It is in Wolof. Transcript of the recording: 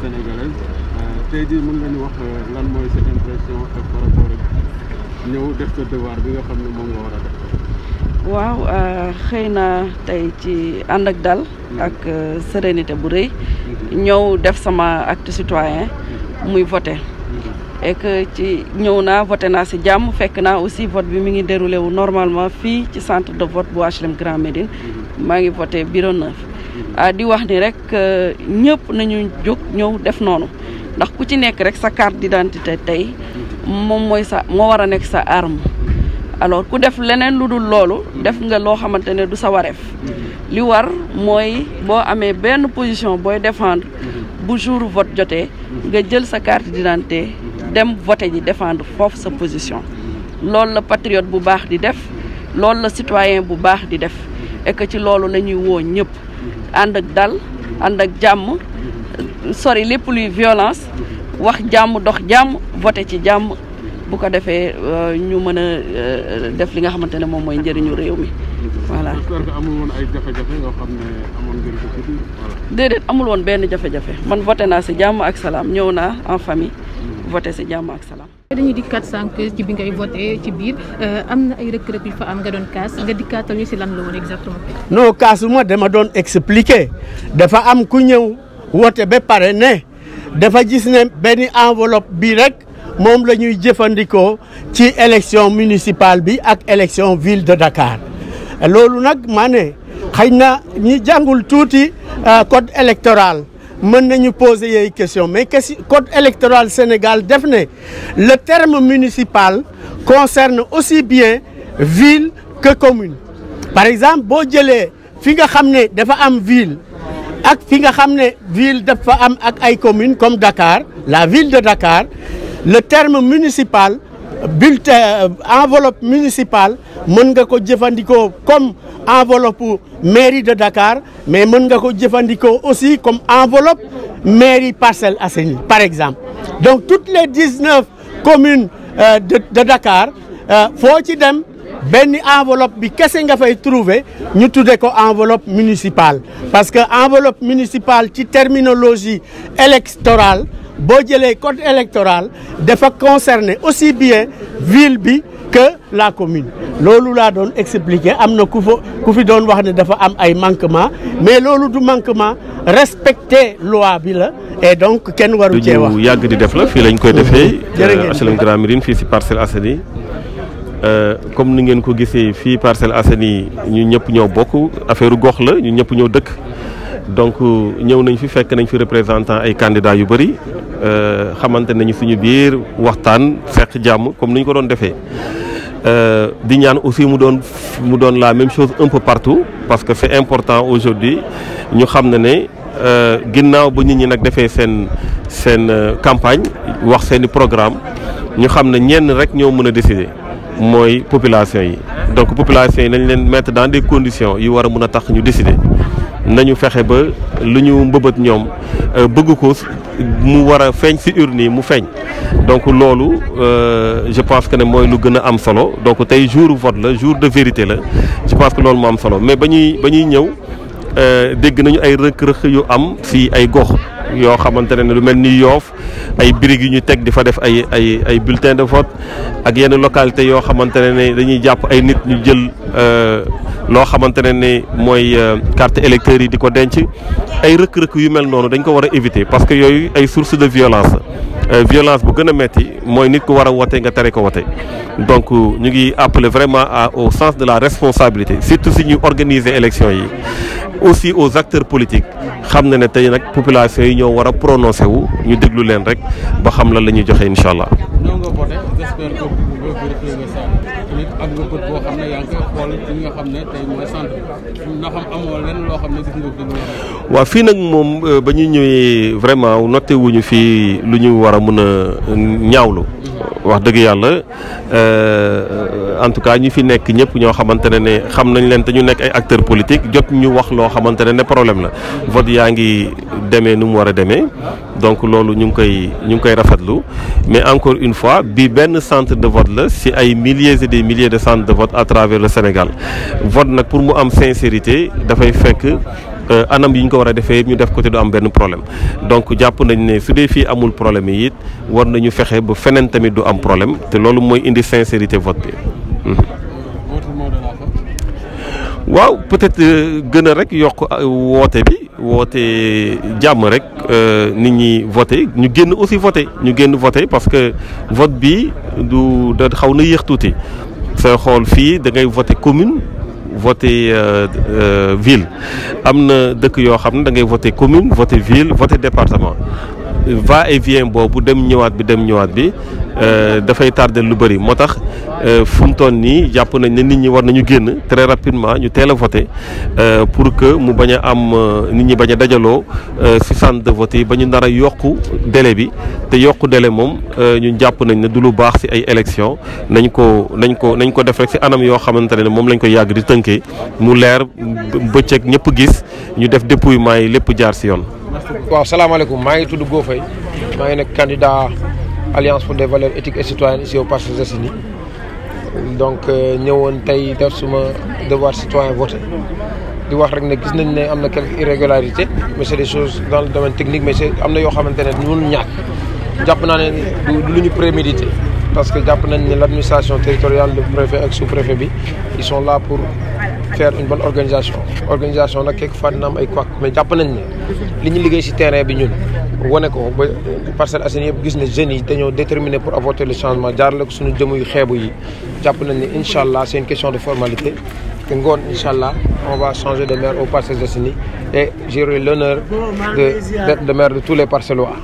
sénégalaise euh, tey jii mën nga ñu wax euh, lan bi nga xam ne moom nga a euh, xëy na tey ci ànd ak dal hmm. ak sérénité bu rëy hmm. ñëw def sama acte citoyen hmm. muy voté et que ci ñëw naa voté naa si jàmm fekk naa aussi vote bi mi ngi déroulé wu normalement fii ci centre de vote bu HLM Médine maa ngi voté bureau neuf Euh, di wax ni rek euh, ñëpp nañuy jóg ñëw def noonu ndax ku ci nekk rek sa carte d'identité tey moom mooy sa moo war a nekk sa arme alors ku def leneen lu dul loolu def nga loo xamante ne du sa wareef li war mooy boo amee benn position booy défendre bu jour vote jotee nga jël sa carte dem voté ji défendre foofu sa position loolu la patriote bu baax di def loolu la citoyen bu baax di def et ci loolu la ñuy woo ñëpp ànd ak dal ànd ak jàmm sori lépp luy violence wax jàmm dox jàmm voté ci jàmm bu ko defee euh, ñu mën a euh, def li nga xamante ne moom mooy njëriñu réew mi voilà. amul woon ay jafe déedéet amul woon benn jafe-jafe man voté naa si jàmm ak salaam ñëw naa en famille. voté si jàmm ak salaam. dañuy dikkaat sànq ci bi ngay voté ci biir euh, am na ay rëkk-rëkk yu fa am nga doon kaas nga dikkaatal ñu si lan la woon exactement. non kaasuma dama doon expliquer dafa am ku ñëw woote ba pare ne dafa gis ne benn enveloppe bi rek. moom la ñuy jëfandikoo ci élection municipale bi ak élection ville de Dakar loolu nag maa ne xëy na ñi jàngul tuuti euh, code électoral mën nañu poser yooyu question mais code électoral Sénégal def ne le terme municipal concerne aussi bien ville que commune par exemple boo jëlee fi nga xam ne dafa am ville ak fi nga xam ne ville dafa am ak ay communes comme Dakar la ville de Dakar le terme municipal bulletin enveloppe municipale mën nga ko jëfandikoo comme enveloppe mairie de Dakar mais mën nga ko jëfandikoo aussi comme enveloppe mairie Parcelles Assainies par exemple donc toutes les dix-neuf communes euh, de, de Dakar euh, foo ci dem benn enveloppe bi kese nga fay trouver ñu tuddee ko enveloppe municipale parce que enveloppe municipal ci terminologie électorale boo jëlee code électoral dafa concerner aussi bien ville bi que la commune loolu laa doon expliquer am na ku fa ku fi doon wax ne dafa am ay manquement mais loolu du manquement respecter loi bi la e donc kenn waru cee wax. yàgg di def la fii lañ koy defee. jërëjëf HLM euh, Grand Médine fii si Parcelles Assainies euh, comme ni ngeen ko gisee fii Parcelles Assainies ñu ñëpp ñoo bokk affaire gox la ñu ñëpp ñoo dëkk. donc euh, ñëw nañu fi fekk nañ fi représentant ay candidats yu bëri euh, xamante nañu suñu biir waxtaan fekk jàmm comme ni ñu ko doon defee euh, di ñaan aussi mu doon mu doon la même chose un peu partout parce que c'est important aujourd'hui ñu xam ne ne ginnaaw ba nit ñi nag defee seen seen campagne wax seen i programme ñu xam ne ñenn rek ñoo mën a décider mooy population yi donc population yi nañ leen mettre dans des conditions yu war a mën a tax ñu décider nañu fexe ba lu ñu mbëbët ñoom euh, bëgg ko mu war a feeñ ci urne yi mu feeñ donc loolu euh, je pense que ne mooy lu gën a am solo donc tey jour vote la jour de vérité la je pense que loolu moo am solo mais ba ñuy ba ñuy ñëw euh, dégg nañu ay rëq-rëq yu am ci ay gox yoo xamante ne lu mel ni yoof ay birig yu ñu teg di fa def ay ay ay bulletin de vote ak yenn localité yoo xamante ne dañuy jàpp ay nit ñu jël. loo xamante ne ni mooy euh, carte électeur yi di ko denc ay rëkk-rëkk yu mel noonu dañ ko war a éviter parce que yooyu ay source de violence euh, violence bu gën a metti mooy nit ko war a wote nga tere ko wote donc ñu ngi appeler vraiment à au sens de la responsabilité surtout si ñuy organiser élection yi aussi au acteurs politique xam na ne tey nag population yi ñoo war a prononcé wu ñu déglu leen rek ba xam lan la ñuy joxe incha allah. nit am nga fi fii nag moom euh, ba ñu ñëwee vraiment noté wuñu fii lu ñu war a mën a euh, ñaawlu. wax dëgg yàlla euh, en tout cas ñu fi nekk ñëpp ñoo xamante ne ne xam nañ leen te ñu nekk ay acteurs politiques jot ñu wax loo xamante ne ne problème la vote yaa ngi demee nu mu war a demee donc loolu ñu ngi koy ñu ngi koy rafetlu mais encore une fois bi benn centre de vote la si ay milliers et des milliers de centres de vote à travers le Sénégal vote nag pour mu am sincérité dafay fekk Euh, anam yi ñu ko war a defee ñu def ko te du am benn problème donc jàpp nañ ne su dee fii amul problème yi it war nañu fexe ba feneen tamit du am problème te loolu mooy indi sincérité vote bi. Mhm. waaw peut-être euh, gën rek yokk euh, woote bi woote jàmm rek nit ñi voté ñu génn aussi voté ñu génn voté parce que vote bi du xaw na yéex tuuti sooy xool fii da ngay voté commune. voté euh, euh, ville am na dëkk yoo xam ne dangay ngay commune voté ville voté département va et vient boobu dem ñëwaat bi dem ñëwaat bi euh, dafay tardé lu bëri moo tax euh, fu mu nii jàpp nañ ne nit ñi war nañu génn très rapidement ñu teel a voté euh, pour que mu bañ a am nit ñi bañ a dajaloo si centre de vote yi ba ñu nar a yokku délai bi te yokku délai moom ñu jàpp nañ ne du lu baax si ay élection nañ ko nañ ko nañ ko def rek si anam yoo xamante ne moom lañ ko yàgg di tënkee mu leer bëccëg ñëpp gis ñu def dépouillement yi lépp jaar si yoon. waaw salaamaaleykum maa ngi tudd Go Faye maa ngi nekk candidat alliance pour des valeurs éthiques et citoyennes ici au Parcelles Assainies donc euh, ñëwoon tey def suma devoir citoyen voter di wax rek ne gis nañ ne am na quelques irrégularités mais c'est des choses dans le domaine technique mais am na yoo xamante ne ñun ñàkk jàpp naa ne du lu ñu prémédité parce que jàpp nañ ne l'administration territoriale le préfet ak sous-préfet bi ils sont là pour faire une bonne organisation organisation nag quelque fois dina am jàpp nañ ne li ñu liggéey si terrain bi ñun wane ko ba Parcelles Assainies gis ne jeunes yi dañoo déterminé pour apporter le changement jaarale ko suñu jëmu yu xeebu yi jàpp nañ ne incha allah c'est une question de formalité que ngoon incha allah on va changer de maire aux Parcelles Assainies et j'aurai l'honneur de maire de tous les Parcellois